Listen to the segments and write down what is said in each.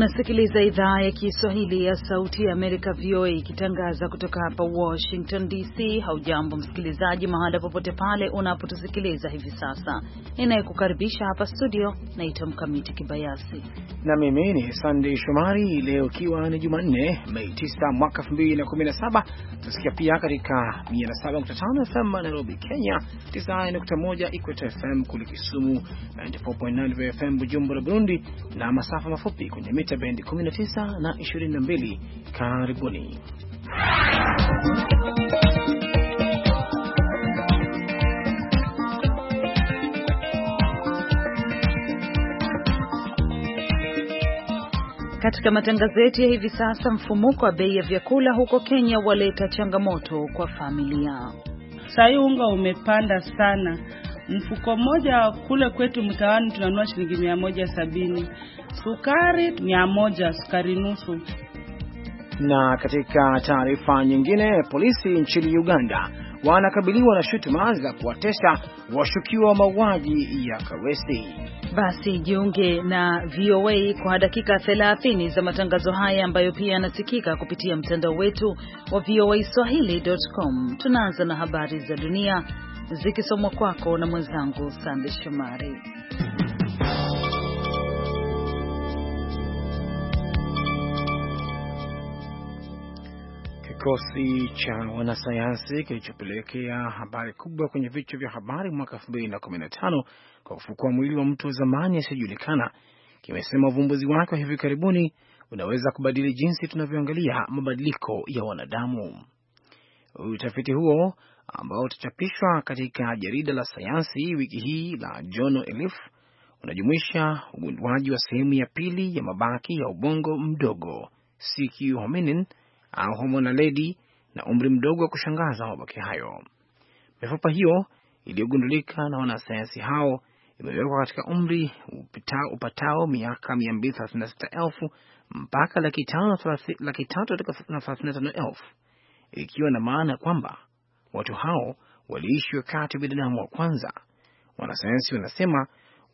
Unasikiliza idhaa ya Kiswahili ya Sauti ya Amerika, VOA, ikitangaza kutoka hapa Washington DC. Haujambo msikilizaji, mahala popote pale unapotusikiliza hivi sasa. Ninayekukaribisha hapa studio naitwa Mkamiti Kibayasi na mimi ni Sandey Shomari. Leo ikiwa ni Jumanne, Mei 9 mwaka 2017, tunasikia pia katika 107.5 FM Nairobi, Kenya, 91 Equator FM kule Kisumu, 94.9 FM Bujumbura, Burundi, na masafa mafupi kwenye mita mita bendi 19 na 22. Karibuni. Katika matangazo yetu ya hivi sasa, mfumuko wa bei ya vyakula huko Kenya waleta changamoto kwa familia. Sahii unga umepanda sana Mfuko mmoja kule kwetu mtaani tunanua shilingi mia moja sabini. Sukari mia moja, sukari nusu. Na katika taarifa nyingine, polisi nchini Uganda wanakabiliwa na shutuma za kuwatesa washukiwa wa mauaji ya Kawesi. Basi jiunge na VOA kwa dakika 30 za matangazo haya ambayo pia yanasikika kupitia mtandao wetu wa Swahili.com. Tunaanza na habari za dunia zikisomwa kwako na mwenzangu Sande Shomari. Kikosi cha wanasayansi kilichopelekea habari kubwa kwenye vichwa vya habari mwaka 2015 kwa kufukua mwili wa mtu wa zamani asiyojulikana kimesema uvumbuzi wake wa hivi karibuni unaweza kubadili jinsi tunavyoangalia mabadiliko ya wanadamu. Utafiti huo ambao utachapishwa katika jarida la sayansi wiki hii la Jono Elif unajumuisha ugunduaji wa sehemu ya pili ya mabaki ya ubongo mdogo CQ hominin au homonaledi na umri mdogo wa kushangaza wa mabaki hayo. Mifupa hiyo iliyogundulika na wanasayansi hao imewekwa katika umri upatao, upatao miaka 236,000 mpaka laki tatu na thelathini na tano elfu ikiwa na maana kwamba Watu hao waliishi wakati wa binadamu wa kwanza. Wanasayansi wanasema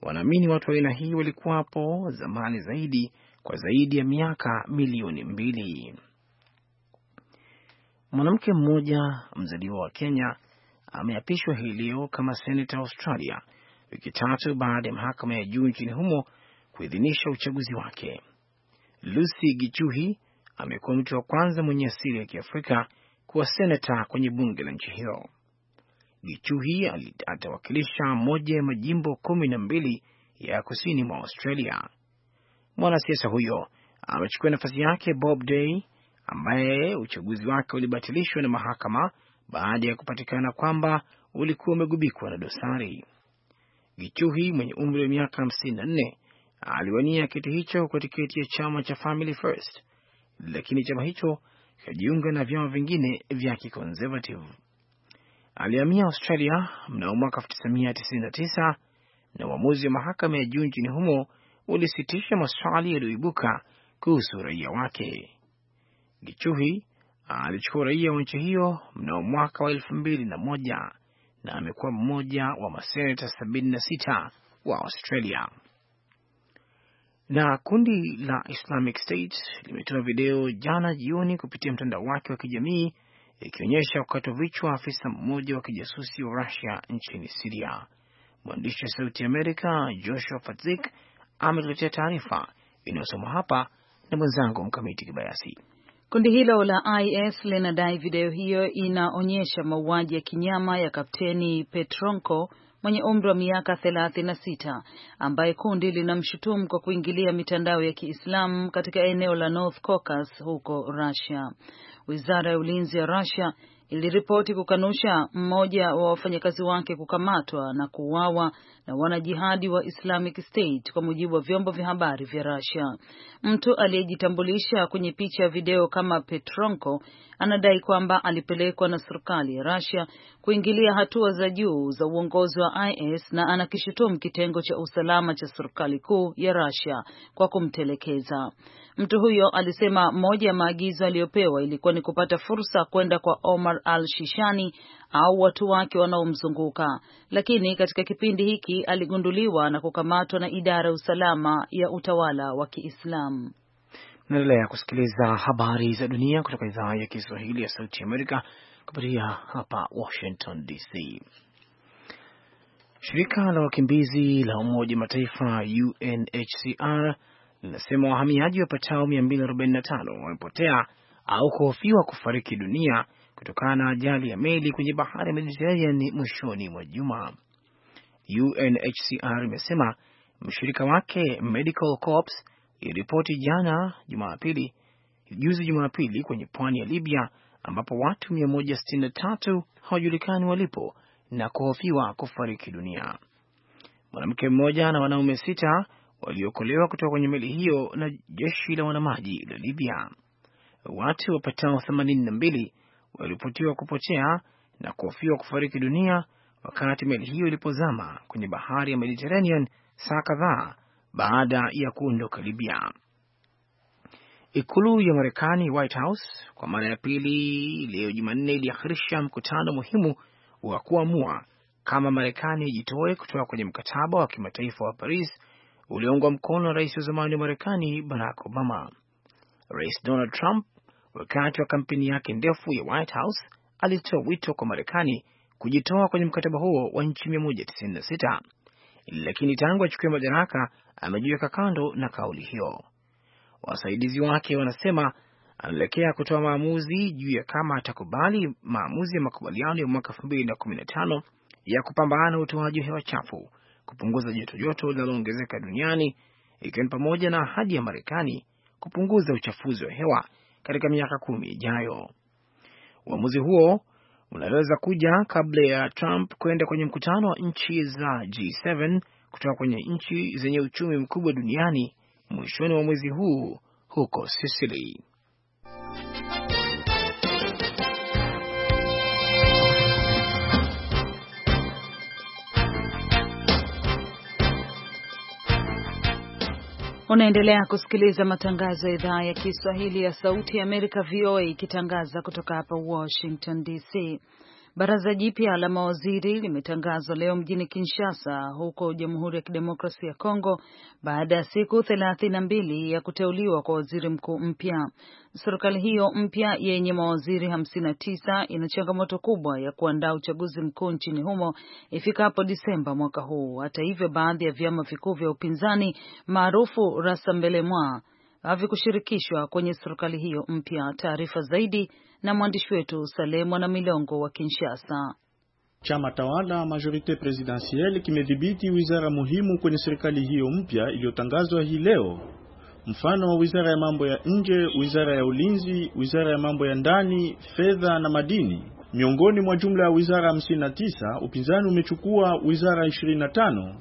wanaamini watu wa aina hii walikuwapo zamani zaidi kwa zaidi ya miaka milioni mbili. Mwanamke mmoja mzaliwa wa Kenya ameapishwa hii leo kama senata Australia, wiki tatu baada ya mahakama ya juu nchini humo kuidhinisha uchaguzi wake. Lucy Gichuhi amekuwa mtu wa kwanza mwenye asili ya Kiafrika kuwa seneta kwenye bunge la nchi hiyo. Gichuhi atawakilisha moja ya majimbo kumi na mbili ya kusini mwa Australia. Mwanasiasa huyo amechukua nafasi yake Bob Day ambaye uchaguzi wake ulibatilishwa na mahakama baada ya kupatikana kwamba ulikuwa umegubikwa na dosari. Gichuhi mwenye umri wa miaka nne aliwania kiti hicho kwa tiketi ya chama cha Family First, lakini chama hicho ikajiunga na vyama vingine vya kiconservative. Alihamia Australia mnamo mwaka 1999 na uamuzi wa mahakama ya juu nchini humo ulisitisha maswali yaliyoibuka kuhusu uraia wake. Gichuhi alichukua uraia wa nchi hiyo mnamo mwaka wa elfu mbili na moja na amekuwa mmoja wa maseneta 76 wa Australia. Na kundi la Islamic State limetoa video jana jioni kupitia mtandao wake wa kijamii ikionyesha kukatwa vichwa afisa mmoja wa kijasusi wa Rusia nchini Siria. Mwandishi wa Sauti ya Amerika Joshua Fatzik ametuletea taarifa inayosoma hapa na mwenzangu Mkamiti Kibayasi. Kundi hilo la IS linadai video hiyo inaonyesha mauaji ya kinyama ya Kapteni Petronko mwenye umri wa miaka 36 ambaye kundi linamshutumu kwa kuingilia mitandao ya Kiislamu katika eneo la North Caucasus huko Russia. Wizara ya ulinzi ya Russia iliripoti kukanusha mmoja wa wafanyakazi wake kukamatwa na kuuawa na wanajihadi wa Islamic State kwa mujibu wa vyombo vya habari vya Russia. Mtu aliyejitambulisha kwenye picha ya video kama Petronko anadai kwamba alipelekwa na serikali ya Russia kuingilia hatua za juu za uongozi wa IS na anakishutumu kitengo cha usalama cha serikali kuu ya Russia kwa kumtelekeza. Mtu huyo alisema moja ya maagizo aliyopewa ilikuwa ni kupata fursa kwenda kwa Omar Omar al-Shishani au watu wake wanaomzunguka, lakini katika kipindi hiki aligunduliwa na kukamatwa na idara ya usalama ya utawala wa Kiislamu. Naendelea kusikiliza habari za dunia kutoka idhaa ya Kiswahili ya Sauti Amerika kupitia hapa Washington DC. Shirika la wakimbizi la Umoja Mataifa UNHCR linasema wahamiaji wapatao 245 wamepotea au kuhofiwa kufariki dunia kutokana na ajali ya meli kwenye bahari ya Mediterranean mwishoni mwa juma. UNHCR imesema mshirika wake Medical Corps iliripoti jana Jumapili, juzi Jumapili, kwenye pwani ya Libya ambapo watu 163 hawajulikani walipo na kuhofiwa kufariki dunia. Mwanamke mmoja na wanaume sita waliokolewa kutoka kwenye meli hiyo na jeshi la wanamaji la Libya. Watu wapatao 82 waliripotiwa kupotea na kuhofiwa kufariki dunia wakati meli hiyo ilipozama kwenye bahari ya Mediterranean saa kadhaa baada ya kuondoka Libya. Ikulu ya Marekani, White House, kwa mara ya pili leo Jumanne iliahirisha mkutano muhimu wa kuamua kama Marekani ijitoe kutoka kwenye mkataba wa kimataifa wa Paris ulioungwa mkono na rais wa zamani wa Marekani Barack Obama. Rais Donald Trump Wakati wa kampeni yake ndefu ya White House alitoa wito kwa Marekani kujitoa kwenye mkataba huo wa nchi 196 lakini tangu achukue madaraka amejiweka kando na kauli hiyo. Wasaidizi wake wanasema anaelekea kutoa maamuzi juu ya kama atakubali maamuzi ya makubaliano ya mwaka 2015 ya kupambana utoaji wa hewa chafu, kupunguza joto joto linaloongezeka duniani, ikiwa ni pamoja na ahadi ya Marekani kupunguza uchafuzi wa hewa katika miaka kumi ijayo. Uamuzi huo unaweza kuja kabla ya Trump kwenda kwenye mkutano wa nchi za G7 kutoka kwenye nchi zenye uchumi mkubwa duniani mwishoni mwa mwezi huu huko Sicily. Unaendelea kusikiliza matangazo ya idhaa ya Kiswahili ya Sauti ya Amerika, VOA, ikitangaza kutoka hapa Washington DC. Baraza jipya la mawaziri limetangazwa leo mjini Kinshasa huko Jamhuri ya Kidemokrasia ya Kongo baada ya siku thelathini na mbili ya kuteuliwa kwa waziri mkuu mpya. Serikali hiyo mpya yenye mawaziri hamsini na tisa ina changamoto kubwa ya kuandaa uchaguzi mkuu nchini humo ifikapo Disemba mwaka huu. Hata hivyo, baadhi ya vyama vikuu vya upinzani maarufu Rassemblement havikushirikishwa kwenye serikali hiyo mpya. Taarifa zaidi na mwandishi wetu na Milongo wa Kinshasa. Chama tawala Majorite Presidentielle kimedhibiti wizara muhimu kwenye serikali hiyo mpya iliyotangazwa hii leo, mfano wa wizara ya mambo ya nje, wizara ya ulinzi, wizara ya mambo ya ndani, fedha na madini. Miongoni mwa jumla ya wizara 59, upinzani umechukua wizara 25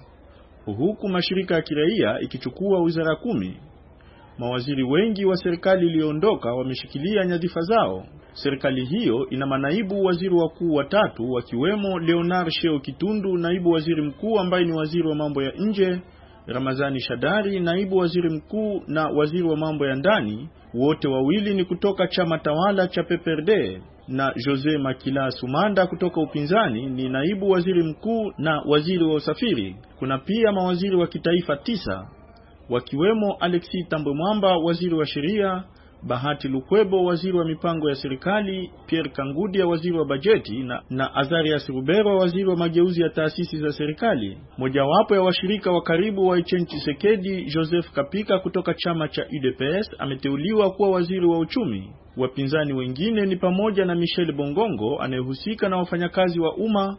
huku mashirika ya kiraia ikichukua wizara kumi. Mawaziri wengi wa serikali iliyoondoka wameshikilia nyadhifa zao. Serikali hiyo ina manaibu waziri wakuu watatu wakiwemo Leonard Sheo Kitundu, naibu waziri mkuu ambaye ni waziri wa mambo ya nje, Ramazani Shadari, naibu waziri mkuu na waziri wa mambo ya ndani, wote wawili ni kutoka chama tawala cha PPRD, na Jose Makila Sumanda kutoka upinzani ni naibu waziri mkuu na waziri wa usafiri. Kuna pia mawaziri wa kitaifa tisa wakiwemo Alexi Tambwe Mwamba, waziri wa sheria Bahati Lukwebo, waziri wa mipango ya serikali, Pierre Kangudia, waziri wa bajeti na, na Azarias Ruberwa, waziri wa mageuzi ya taasisi za serikali. Mojawapo ya washirika wa karibu wa Etienne Tshisekedi, Joseph Kapika kutoka chama cha UDPS, ameteuliwa kuwa waziri wa uchumi. Wapinzani wengine ni pamoja na Michel Bongongo anayehusika na wafanyakazi wa umma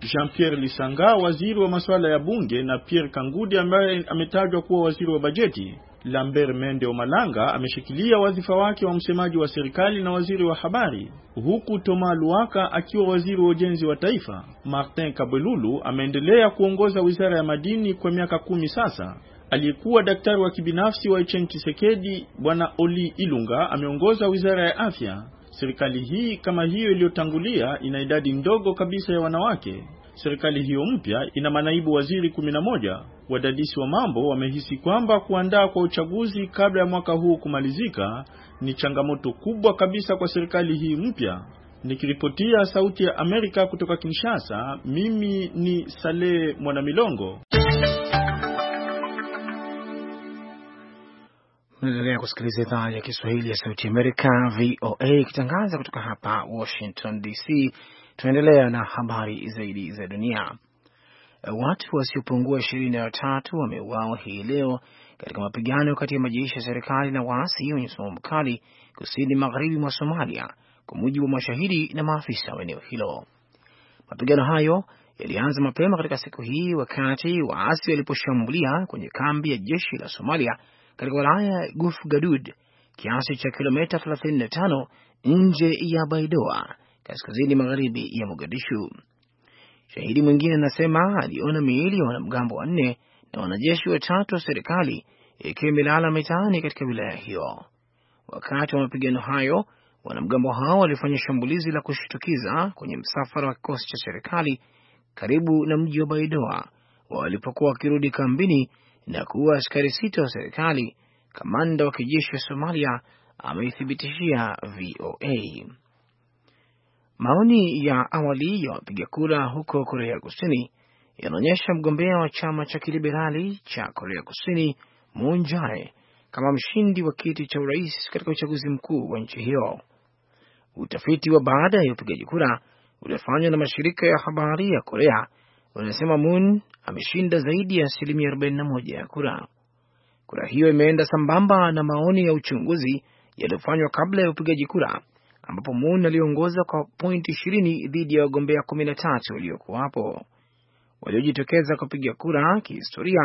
Jean-Pierre Lisanga waziri wa masuala ya bunge na Pierre Kangudi ambaye ametajwa kuwa waziri wa bajeti. Lambert Mende Omalanga ameshikilia wadhifa wake wa msemaji wa serikali na waziri wa habari, huku Thomas Luaka akiwa waziri wa ujenzi wa taifa. Martin Kabwelulu ameendelea kuongoza wizara ya madini kwa miaka kumi sasa. Aliyekuwa daktari wa kibinafsi wa Etienne Tshisekedi, Bwana Oli Ilunga ameongoza wizara ya afya. Serikali hii kama hiyo iliyotangulia ina idadi ndogo kabisa ya wanawake. Serikali hiyo mpya ina manaibu waziri 11. Wadadisi wa mambo wamehisi kwamba kuandaa kwa uchaguzi kabla ya mwaka huu kumalizika ni changamoto kubwa kabisa kwa serikali hii mpya. Nikiripotia Sauti ya Amerika kutoka Kinshasa, mimi ni Saleh Mwanamilongo. Unaendelea kusikiliza idhaa ya Kiswahili ya Sauti Amerika, VOA, ikitangaza kutoka hapa Washington DC. Tunaendelea na habari zaidi za dunia. Uh, watu wasiopungua ishirini na watatu wameuawa hii leo katika mapigano kati ya majeshi ya serikali na waasi wenye msimamo mkali kusini magharibi mwa Somalia, kwa mujibu wa mashahidi na maafisa wa eneo hilo. Mapigano hayo yalianza mapema katika siku hii wakati waasi waliposhambulia kwenye kambi ya jeshi la Somalia katika wilaya ya Gufgadud, kiasi cha kilomita 35 nje ya Baidoa, kaskazini magharibi ya Mogadishu. Shahidi mwingine anasema aliona miili ya wanamgambo wanne na wanajeshi watatu wa serikali ikiwa imelala mitaani katika wilaya hiyo. Wakati wa mapigano hayo, wanamgambo hao walifanya shambulizi la kushitukiza kwenye msafara wa kikosi cha serikali karibu na mji wa Baidoa walipokuwa wakirudi kambini na kuua askari sita wa serikali. Kamanda wa kijeshi wa Somalia ameithibitishia VOA. Maoni ya awali ya wapiga kura huko Korea Kusini yanaonyesha mgombea wa chama cha kiliberali cha Korea Kusini Moon Jae kama mshindi wa kiti cha urais katika uchaguzi mkuu wa nchi hiyo. Utafiti wa baada ya upigaji kura uliofanywa na mashirika ya habari ya Korea unasema Moon ameshinda zaidi ya asilimia 41 ya kura. Kura hiyo imeenda sambamba na maoni ya uchunguzi yaliyofanywa kabla ya upigaji kura ambapo Moon aliongoza kwa pointi ishirini dhidi ya wagombea kumi na tatu waliokuwapo. Waliojitokeza kupiga kura kihistoria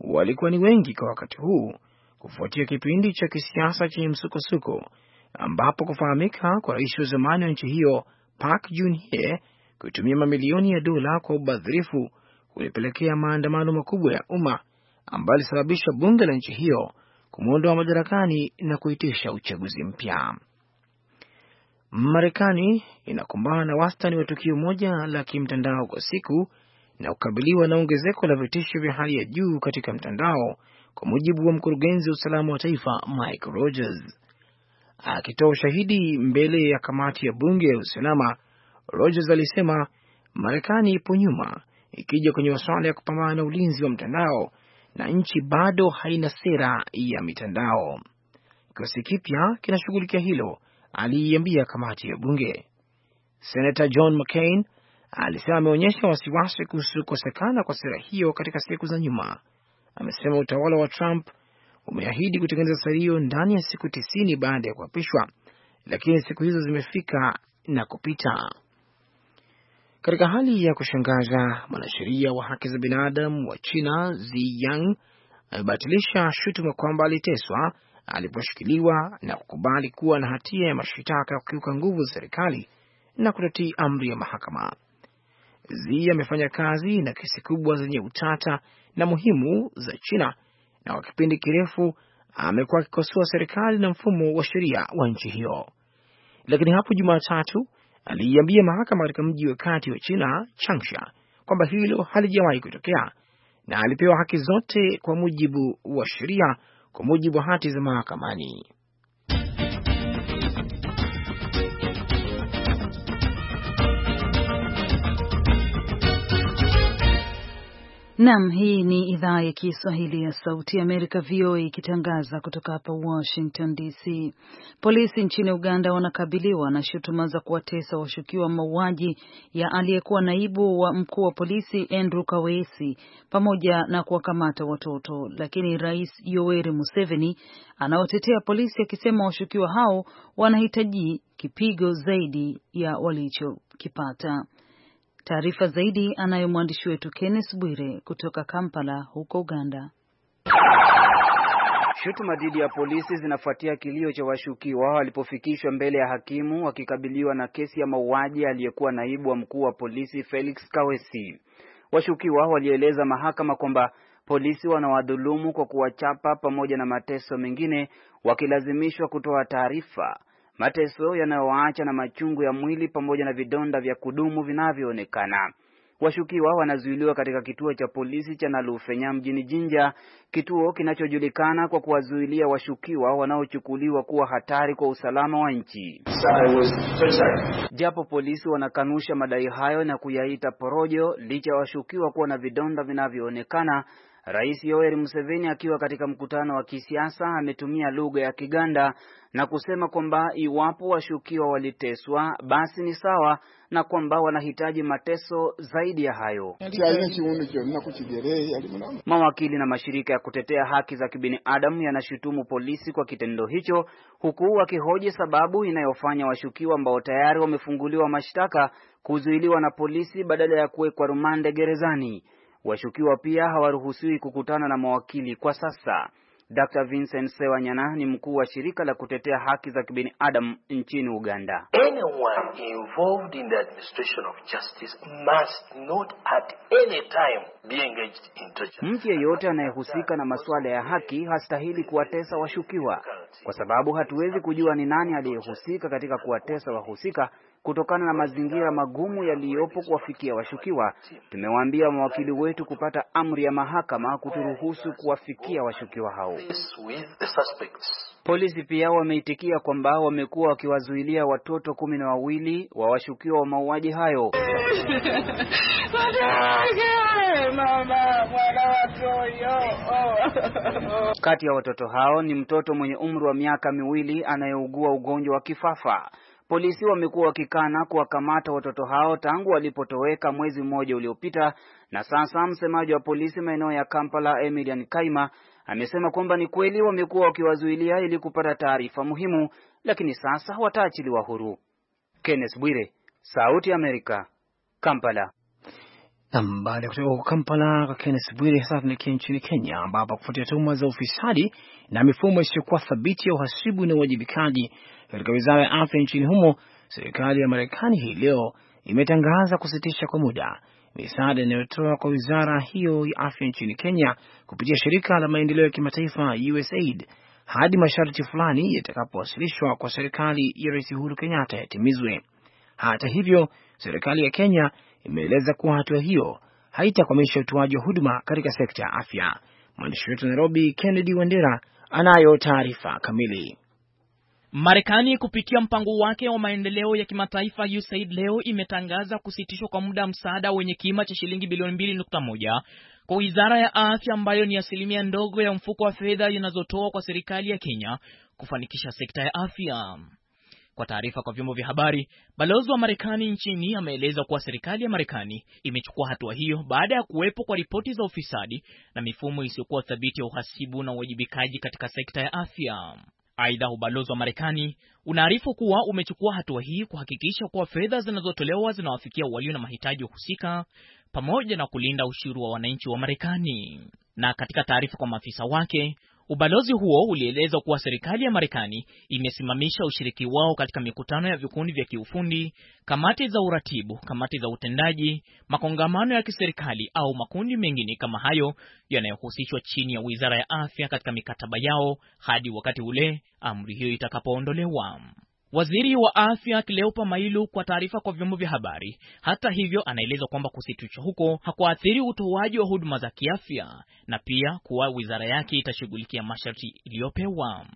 walikuwa ni wengi kwa wakati huu kufuatia kipindi cha kisiasa chenye msukosuko ambapo kufahamika kwa rais wa zamani wa nchi hiyo Park Geun-hye kutumia mamilioni ya dola kwa ubadhirifu kulipelekea maandamano makubwa ya umma ambayo alisababisha bunge la nchi hiyo kumwondoa madarakani na kuitisha uchaguzi mpya. Marekani inakumbana na wastani wa tukio moja la kimtandao kwa siku na kukabiliwa na ongezeko la vitisho vya hali ya juu katika mtandao, kwa mujibu wa mkurugenzi wa usalama wa taifa Mike Rogers. Akitoa ushahidi mbele ya kamati ya bunge ya usalama, Rogers alisema Marekani ipo nyuma ikija kwenye masuala ya kupambana na ulinzi wa mtandao na nchi bado haina sera ya mitandao. Kikosi kipya kinashughulikia hilo aliiambia kamati ya bunge. Senata John McCain alisema ameonyesha wasiwasi kuhusu kukosekana kwa sera hiyo katika siku za nyuma. Amesema utawala wa Trump umeahidi kutengeneza sera hiyo ndani ya siku tisini baada ya kuapishwa, lakini siku hizo zimefika na kupita. Katika hali ya kushangaza, mwanasheria wa haki za binadamu wa China Zi Yang amebatilisha shutuma kwamba aliteswa aliposhikiliwa na kukubali kuwa na hatia ya mashitaka ya kukiuka nguvu za serikali na kutotii amri ya mahakama. Zi amefanya kazi na kesi kubwa zenye utata na muhimu za China, na kwa kipindi kirefu amekuwa akikosoa serikali na mfumo wa sheria wa nchi hiyo, lakini hapo Jumatatu aliiambia mahakama katika mji wa kati wa China Changsha kwamba hilo halijawahi kutokea na alipewa haki zote kwa mujibu wa sheria kwa mujibu wa hati za mahakamani. Nam, hii ni idhaa ya Kiswahili ya Sauti ya Amerika, VOA, ikitangaza kutoka hapa Washington DC. Polisi nchini Uganda wanakabiliwa na shutuma za kuwatesa washukiwa mauaji ya aliyekuwa naibu wa mkuu wa polisi Andrew Kaweesi pamoja na kuwakamata watoto, lakini Rais Yoweri Museveni anawatetea polisi akisema washukiwa hao wanahitaji kipigo zaidi ya walichokipata. Taarifa zaidi anayo mwandishi wetu Kenneth Bwire kutoka Kampala huko Uganda. Shutuma dhidi ya polisi zinafuatia kilio cha washukiwa walipofikishwa mbele ya hakimu wakikabiliwa na kesi ya mauaji aliyekuwa naibu wa mkuu wa polisi Felix kawesi Washukiwa walieleza mahakama kwamba polisi wanawadhulumu kwa kuwachapa pamoja na mateso mengine, wakilazimishwa kutoa taarifa mateso yanayowaacha na machungu ya mwili pamoja na vidonda vya kudumu vinavyoonekana. Washukiwa wanazuiliwa katika kituo cha polisi cha Nalufenya mjini Jinja, kituo kinachojulikana kwa kuwazuilia washukiwa wanaochukuliwa kuwa hatari kwa usalama wa nchi. Japo polisi wanakanusha madai hayo na kuyaita porojo, licha ya washukiwa kuwa na vidonda vinavyoonekana Rais Yoweri Museveni akiwa katika mkutano wa kisiasa ametumia lugha ya Kiganda na kusema kwamba iwapo washukiwa waliteswa basi ni sawa na kwamba wanahitaji mateso zaidi ya hayo. Mawakili na mashirika ya kutetea haki za kibinadamu yanashutumu polisi kwa kitendo hicho, huku wakihoji sababu inayofanya washukiwa ambao tayari wamefunguliwa mashtaka kuzuiliwa na polisi badala ya kuwekwa rumande gerezani. Washukiwa pia hawaruhusiwi kukutana na mawakili kwa sasa. Dr. Vincent Sewanyana ni mkuu wa shirika la kutetea haki za kibinadamu nchini Uganda. Anyone involved in the administration of justice must not at any time be engaged in torture. Mtu yeyote anayehusika na masuala ya haki hastahili kuwatesa washukiwa, kwa sababu hatuwezi kujua ni nani aliyehusika katika kuwatesa wahusika kutokana na mazingira magumu yaliyopo kuwafikia washukiwa. Tumewaambia mawakili wetu kupata amri ya mahakama kuturuhusu kuwafikia washukiwa hao. Polisi pia wameitikia kwamba wamekuwa wakiwazuilia watoto kumi na wawili wa washukiwa wa mauaji hayo. Kati ya watoto hao ni mtoto mwenye umri wa miaka miwili anayeugua ugonjwa wa kifafa. Polisi wamekuwa wakikana kuwakamata watoto hao tangu walipotoweka mwezi mmoja uliopita, na sasa msemaji wa polisi maeneo ya Kampala, Emilian Kaima, amesema kwamba ni kweli wamekuwa wakiwazuilia ili kupata taarifa muhimu, lakini sasa wataachiliwa huru. Kenneth Bwire, Sauti ya Amerika, Kampala. Nam, baada ya kutoka huko Kampala, Kenneth Bwire, sasa tunaelekea nchini Kenya ambapo kufuatia tuhuma za ufisadi na mifumo isiyokuwa thabiti ya uhasibu na uwajibikaji katika wizara ya afya nchini humo, serikali ya Marekani hii leo imetangaza kusitisha kwa muda misaada inayotoa kwa wizara hiyo ya afya nchini Kenya kupitia shirika la maendeleo ya kimataifa USAID hadi masharti fulani yatakapowasilishwa kwa serikali ya Rais Uhuru Kenyatta yatimizwe. Hata hivyo, serikali ya Kenya imeeleza kuwa hatua hiyo haitakwamisha utoaji wa huduma katika sekta ya afya. Mwandishi wetu Nairobi, Kennedy Wendera, anayo taarifa kamili. Marekani kupitia mpango wake wa maendeleo ya kimataifa USAID leo imetangaza kusitishwa kwa muda msaada wenye kima cha shilingi bilioni 2.1 kwa wizara ya afya ambayo ni asilimia ndogo ya mfuko wa fedha zinazotoa kwa serikali ya Kenya kufanikisha sekta ya afya. Kwa taarifa kwa vyombo vya habari, balozi wa Marekani nchini ameeleza kuwa serikali ya Marekani imechukua hatua hiyo baada ya kuwepo kwa ripoti za ufisadi na mifumo isiyokuwa thabiti ya uhasibu na uwajibikaji katika sekta ya afya. Aidha, ubalozi wa Marekani unaarifu kuwa umechukua hatua hii kuhakikisha kuwa fedha zinazotolewa zinawafikia walio na mahitaji husika pamoja na kulinda ushuru wa wananchi wa Marekani. Na katika taarifa kwa maafisa wake, Ubalozi huo ulieleza kuwa serikali ya Marekani imesimamisha ushiriki wao katika mikutano ya vikundi vya kiufundi, kamati za uratibu, kamati za utendaji, makongamano ya kiserikali au makundi mengine kama hayo yanayohusishwa chini ya Wizara ya Afya katika mikataba yao hadi wakati ule amri hiyo itakapoondolewa. Waziri wa afya kileopa Mailu kwa taarifa kwa vyombo vya habari. Hata hivyo, anaeleza kwamba kusitishwa huko hakuathiri utoaji wa huduma za kiafya na pia kuwa wizara yake itashughulikia masharti iliyopewa.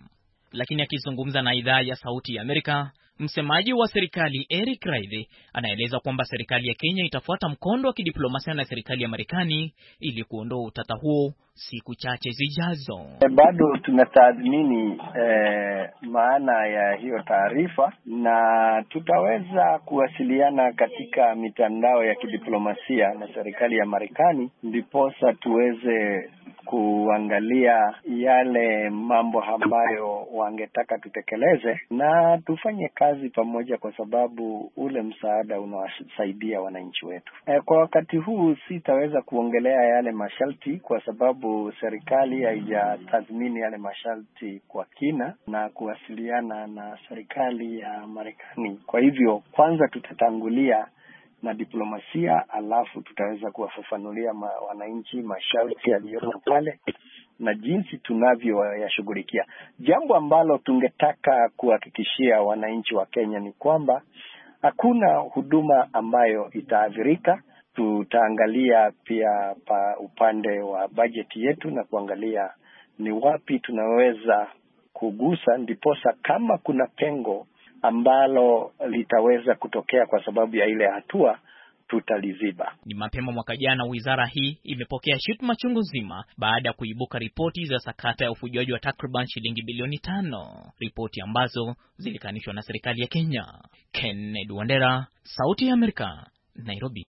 Lakini akizungumza na idhaa ya Sauti ya Amerika, msemaji wa serikali Eric Raidhi anaeleza kwamba serikali ya Kenya itafuata mkondo wa kidiplomasia na serikali ya Marekani ili kuondoa utata huo siku chache zijazo. Eh, bado tunatathmini eh, maana ya hiyo taarifa na tutaweza kuwasiliana katika mitandao ya kidiplomasia na serikali ya Marekani ndiposa tuweze kuangalia yale mambo ambayo wangetaka tutekeleze na tufanye kazi pamoja, kwa sababu ule msaada unawasaidia wananchi wetu. Eh, kwa wakati huu sitaweza kuongelea yale masharti kwa sababu sababu serikali haijatathmini yale masharti kwa kina na kuwasiliana na serikali ya Marekani. Kwa hivyo, kwanza tutatangulia na diplomasia, alafu tutaweza kuwafafanulia ma, wananchi masharti yaliyoko pale na jinsi tunavyoyashughulikia. Jambo ambalo tungetaka kuhakikishia wananchi wa Kenya ni kwamba hakuna huduma ambayo itaathirika tutaangalia pia pa upande wa bajeti yetu na kuangalia ni wapi tunaweza kugusa, ndiposa kama kuna pengo ambalo litaweza kutokea kwa sababu ya ile hatua tutaliziba. Ni mapema mwaka jana wizara hii imepokea shutuma chungu nzima baada ya kuibuka ripoti za sakata ya ufujaji wa takriban shilingi bilioni tano, ripoti ambazo zilikanishwa na serikali ya Kenya. Kennedy Wandera, Sauti ya Amerika, Nairobi.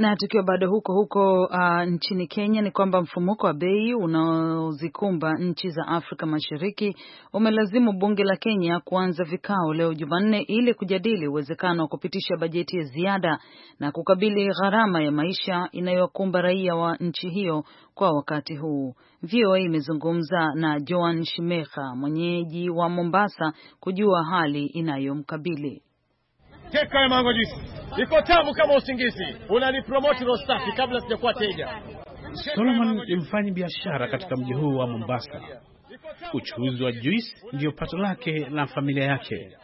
Na tukiwa bado huko huko uh, nchini Kenya ni kwamba mfumuko wa bei unaozikumba nchi za Afrika Mashariki umelazimu bunge la Kenya kuanza vikao leo Jumanne ili kujadili uwezekano wa kupitisha bajeti ya ziada na kukabili gharama ya maisha inayokumba raia wa nchi hiyo kwa wakati huu. VOA imezungumza na Joan Shimeha, mwenyeji wa Mombasa, kujua hali inayomkabili. Keka ya mango juice iko tamu kama usingizi. Unanipromoti Rostafi kabla sijakuwa teja. Solomon ni mfanyi biashara katika mji huu wa Mombasa. Uchuuzi wa juice ndiyo pato lake na familia yake.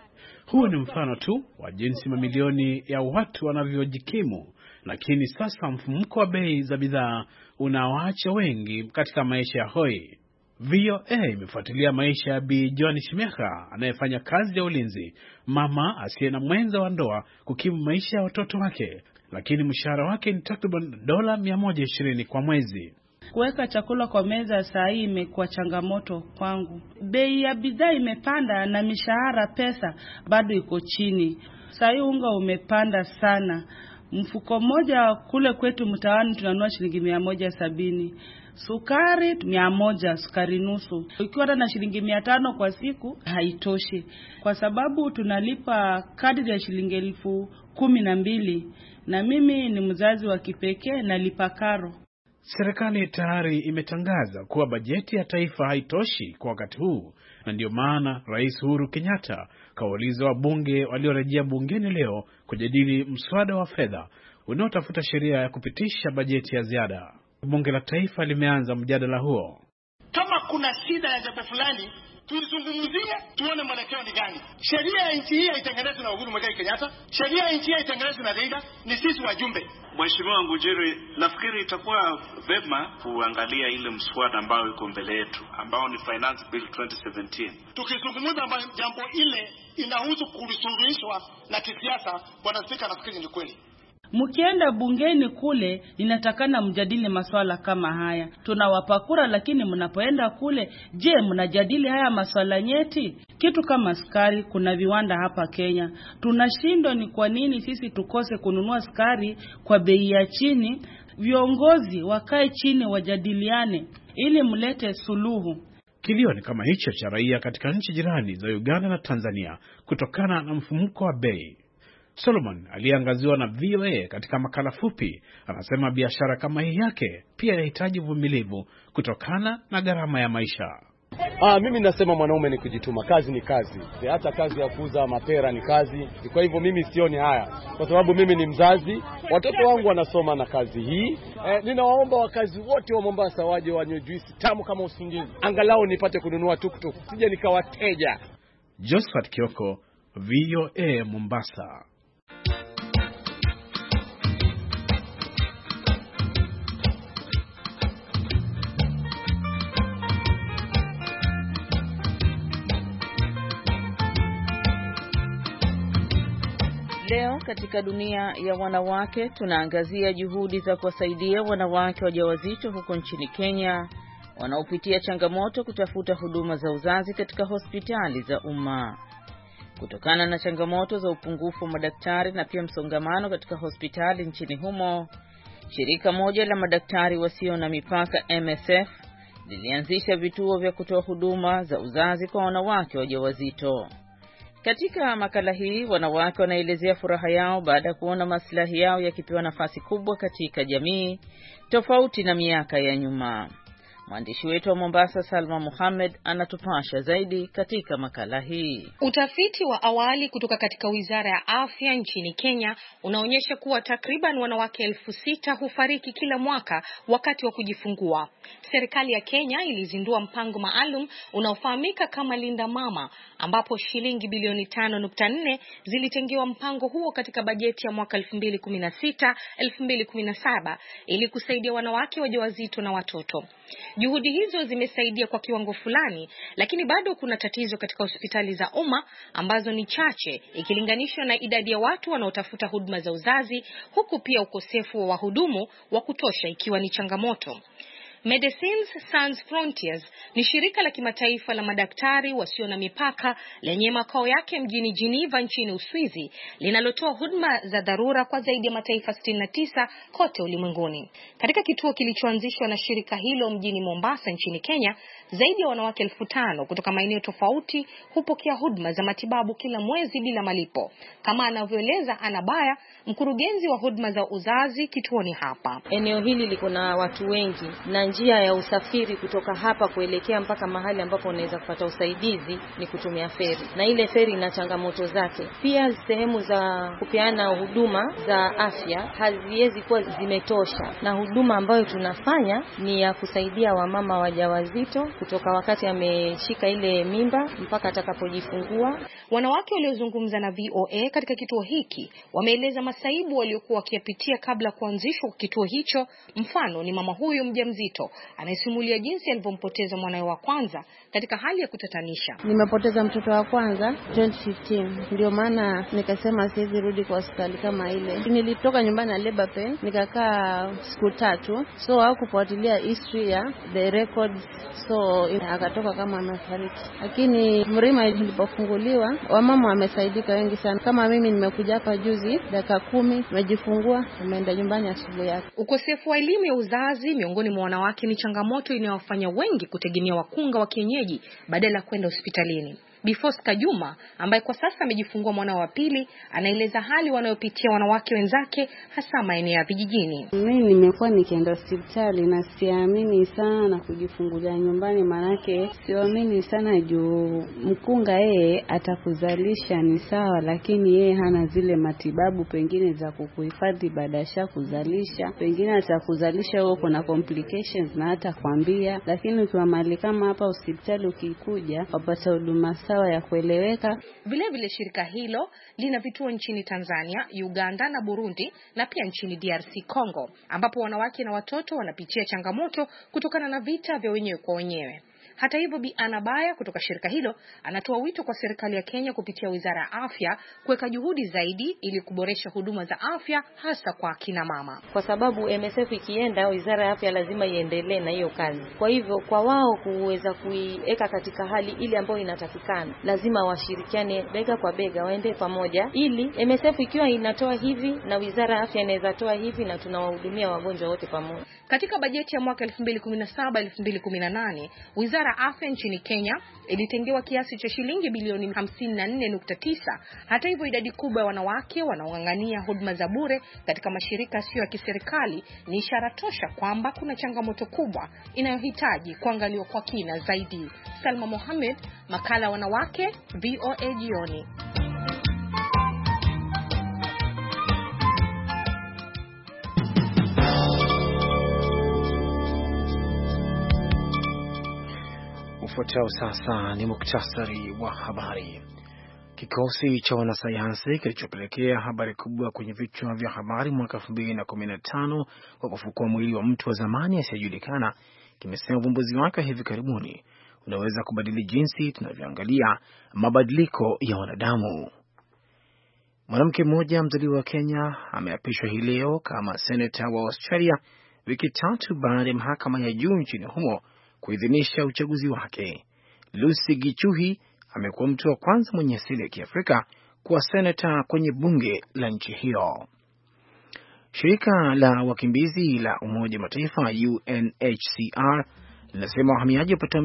Huo ni mfano tu wa jinsi mamilioni ya watu wanavyojikimu, lakini sasa mfumko wa bei za bidhaa unawaacha wengi katika maisha ya hoi. VOA imefuatilia maisha ya Bi John shimeha anayefanya kazi ya ulinzi, mama asiye na mwenza wa ndoa, kukimu maisha ya watoto wake, lakini mshahara wake ni takriban dola 120 kwa mwezi. Kuweka chakula kwa meza saa hii imekuwa changamoto kwangu. Bei ya bidhaa imepanda na mishahara, pesa bado iko chini. Saa hii unga umepanda sana. Mfuko mmoja kule kwetu mtaani tunanua shilingi mia moja sabini sukari mia moja, sukari nusu. Ukiwa hata na shilingi mia tano kwa siku haitoshi, kwa sababu tunalipa kadri ya shilingi elfu kumi na mbili na mimi ni mzazi wa kipekee, nalipa karo. Serikali tayari imetangaza kuwa bajeti ya taifa haitoshi kwa wakati huu, na ndiyo maana Rais Uhuru Kenyatta kawauliza wabunge waliorejea bungeni leo kujadili mswada wa fedha unaotafuta sheria ya kupitisha bajeti ya ziada. Bunge la Taifa limeanza mjadala huo. Kama kuna shida ya jambo fulani tuizungumzie tuone mwelekeo ni gani. Sheria ya nchi hii haitengenezwi na Uhuru mwegai Kenyatta, sheria ya nchi hii haitengenezwi na Raila, ni sisi wajumbe. Mheshimiwa Ngujiri, nafikiri itakuwa vema kuangalia ile mswada ambayo iko mbele yetu ambao ni Finance Bill 2017. Tukizungumza jambo ile inahusu kulisuluhishwa na kisiasa, Bwana Spika, nafikiri ni kweli. Mkienda bungeni kule, ninatakana mjadili maswala kama haya. Tunawapakura, lakini mnapoenda kule, je, mnajadili haya maswala nyeti? Kitu kama sukari, kuna viwanda hapa Kenya. Tunashindwa ni kwa nini sisi tukose kununua sukari kwa bei ya chini. Viongozi wakae chini, wajadiliane ili mlete suluhu. Kilio ni kama hicho cha raia katika nchi jirani za Uganda na Tanzania kutokana na mfumuko wa bei. Solomon aliyeangaziwa na VOA katika makala fupi anasema biashara kama hii yake pia yahitaji uvumilivu kutokana na gharama ya maisha. Ah, mimi nasema mwanaume ni kujituma. Kazi ni kazi, eh, hata kazi ya kuuza mapera ni kazi. Kwa hivyo mimi sioni haya, kwa sababu mimi ni mzazi, watoto wangu wanasoma na kazi hii. e, ninawaomba wakazi wote wa Mombasa waje wanywe juisi tamu kama usingizi, angalau nipate kununua tuktuk, sije nikawateja. Josephat Kioko, VOA Mombasa. katika dunia ya wanawake tunaangazia juhudi za kuwasaidia wanawake wajawazito huko nchini Kenya wanaopitia changamoto kutafuta huduma za uzazi katika hospitali za umma. Kutokana na changamoto za upungufu wa madaktari na pia msongamano katika hospitali nchini humo, shirika moja la madaktari wasio na mipaka MSF lilianzisha vituo vya kutoa huduma za uzazi kwa wanawake wajawazito. Katika makala hii wanawake wanaelezea furaha yao baada ya kuona masilahi yao yakipewa nafasi kubwa katika jamii tofauti na miaka ya nyuma. Mwandishi wetu wa Mombasa Salma muhammed anatupasha zaidi katika makala hii. Utafiti wa awali kutoka katika Wizara ya Afya nchini Kenya unaonyesha kuwa takriban wanawake elfu sita hufariki kila mwaka wakati wa kujifungua. Serikali ya Kenya ilizindua mpango maalum unaofahamika kama Linda Mama ambapo shilingi bilioni 5.4 zilitengewa mpango huo katika bajeti ya mwaka 2016 2017 ili kusaidia wanawake wajawazito na watoto. Juhudi hizo zimesaidia kwa kiwango fulani, lakini bado kuna tatizo katika hospitali za umma ambazo ni chache ikilinganishwa na idadi ya watu wanaotafuta huduma za uzazi, huku pia ukosefu wa wahudumu wa kutosha ikiwa ni changamoto. Medicines Sans Frontiers ni shirika la kimataifa la madaktari wasio na mipaka lenye makao yake mjini Geneva nchini Uswizi linalotoa huduma za dharura kwa zaidi ya mataifa 69 kote ulimwenguni. Katika kituo kilichoanzishwa na shirika hilo mjini Mombasa nchini Kenya, zaidi ya wanawake elfu tano kutoka maeneo tofauti hupokea huduma za matibabu kila mwezi bila malipo, kama anavyoeleza Anabaya, mkurugenzi wa huduma za uzazi kituoni hapa. Eneo hili liko na watu wengi na njia ya usafiri kutoka hapa kuelekea mpaka mahali ambapo unaweza kupata usaidizi ni kutumia feri, na ile feri ina changamoto zake. Pia sehemu za kupeana huduma za afya haziwezi kuwa zimetosha, na huduma ambayo tunafanya ni ya kusaidia wamama wajawazito kutoka wakati ameshika ile mimba mpaka atakapojifungua. Wanawake waliozungumza na VOA katika kituo hiki wameeleza masaibu waliokuwa wakiyapitia kabla ya kuanzishwa kwa kituo hicho. Mfano ni mama huyu mjamzito Mbosso jinsi alivyompoteza mwanawe wa kwanza katika hali ya kutatanisha. Nimepoteza mtoto wa kwanza 2015, ndio maana nikasema siwezi rudi kwa hospitali kama ile. Nilitoka nyumbani na labor pain, nikakaa siku tatu, so hawakufuatilia history ya the records, so akatoka kama amefariki. Lakini mrima ilipofunguliwa, wamama wamesaidika wengi sana. Kama mimi nimekuja hapa juzi dakika kumi, nimejifungua, nimeenda nyumbani asubuhi yake. Ukosefu wa elimu ya uzazi miongoni mwa wanawake ni changamoto inayowafanya wengi kutegemea wakunga wa kienyeji badala ya kwenda hospitalini. Bifoska Juma ambaye kwa sasa amejifungua mwana wa pili, anaeleza hali wanayopitia wanawake wenzake hasa maeneo ya vijijini. Mimi nimekuwa nikienda hospitali na siamini sana kujifungulia nyumbani, maanake siamini sana juu mkunga yeye atakuzalisha ni sawa, lakini yeye hana zile matibabu pengine za kukuhifadhi baada ya kuzalisha, pengine atakuzalisha huko kuna complications na hata kwambia, lakini ukiwa mahali kama hapa hospitali ukikuja wapata huduma sawa sawa ya kueleweka. Vilevile shirika hilo lina vituo nchini Tanzania, Uganda na Burundi na pia nchini DRC Congo, ambapo wanawake na watoto wanapitia changamoto kutokana na vita vya wenyewe kwa wenyewe. Hata hivyo, Bi Anabaya kutoka shirika hilo anatoa wito kwa serikali ya Kenya kupitia Wizara ya Afya kuweka juhudi zaidi ili kuboresha huduma za afya hasa kwa kina mama, kwa sababu MSF ikienda, Wizara ya Afya lazima iendelee na hiyo kazi. Kwa hivyo, kwa wao kuweza kuiweka katika hali ile ambayo inatakikana, lazima washirikiane bega kwa bega, waende pamoja, ili MSF ikiwa inatoa hivi na Wizara ya Afya inaweza toa hivi, na tunawahudumia wagonjwa wote pamoja. Katika bajeti ya mwaka 2017 2018 Wizara na afya nchini Kenya ilitengewa kiasi cha shilingi bilioni 54.9. Hata hivyo, idadi kubwa ya wanawake wanaong'ang'ania huduma za bure katika mashirika sio ya kiserikali ni ishara tosha kwamba kuna changamoto kubwa inayohitaji kuangaliwa kwa kina zaidi. Salma Mohamed, makala ya wanawake, VOA jioni. Ufuatao sasa ni muktasari wa habari. Kikosi cha wanasayansi kilichopelekea habari kubwa kwenye vichwa vya habari mwaka 2015 kwa kufukua mwili wa mtu wa zamani asiyejulikana kimesema uvumbuzi wake wa hivi karibuni unaweza kubadili jinsi tunavyoangalia mabadiliko ya wanadamu. Mwanamke mmoja mzaliwa wa Kenya ameapishwa hii leo kama seneta wa Australia, wiki tatu baada ya mahakama ya juu nchini humo kuidhinisha uchaguzi wake. Lucy Gichuhi amekuwa mtu wa kwanza mwenye asili ya Kiafrika kuwa senata kwenye bunge la nchi hiyo. Shirika la wakimbizi la Umoja Mataifa UNHCR linasema wahamiaji wapatao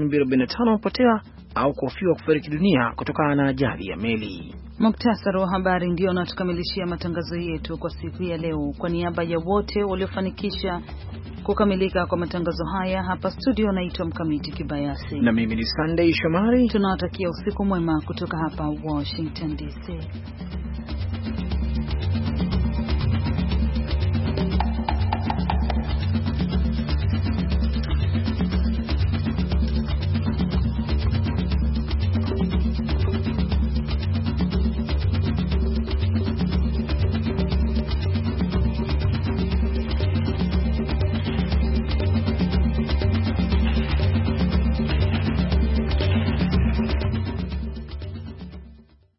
tano wamepotea au kuhofiwa kufariki dunia kutokana na ajali ya meli. Muktasari wa habari ndio unatukamilishia matangazo yetu kwa siku ya leo. Kwa niaba ya wote waliofanikisha kukamilika kwa matangazo haya hapa studio, naitwa Mkamiti Kibayasi na mimi ni Sunday Shomari. Tunawatakia usiku mwema kutoka hapa Washington DC.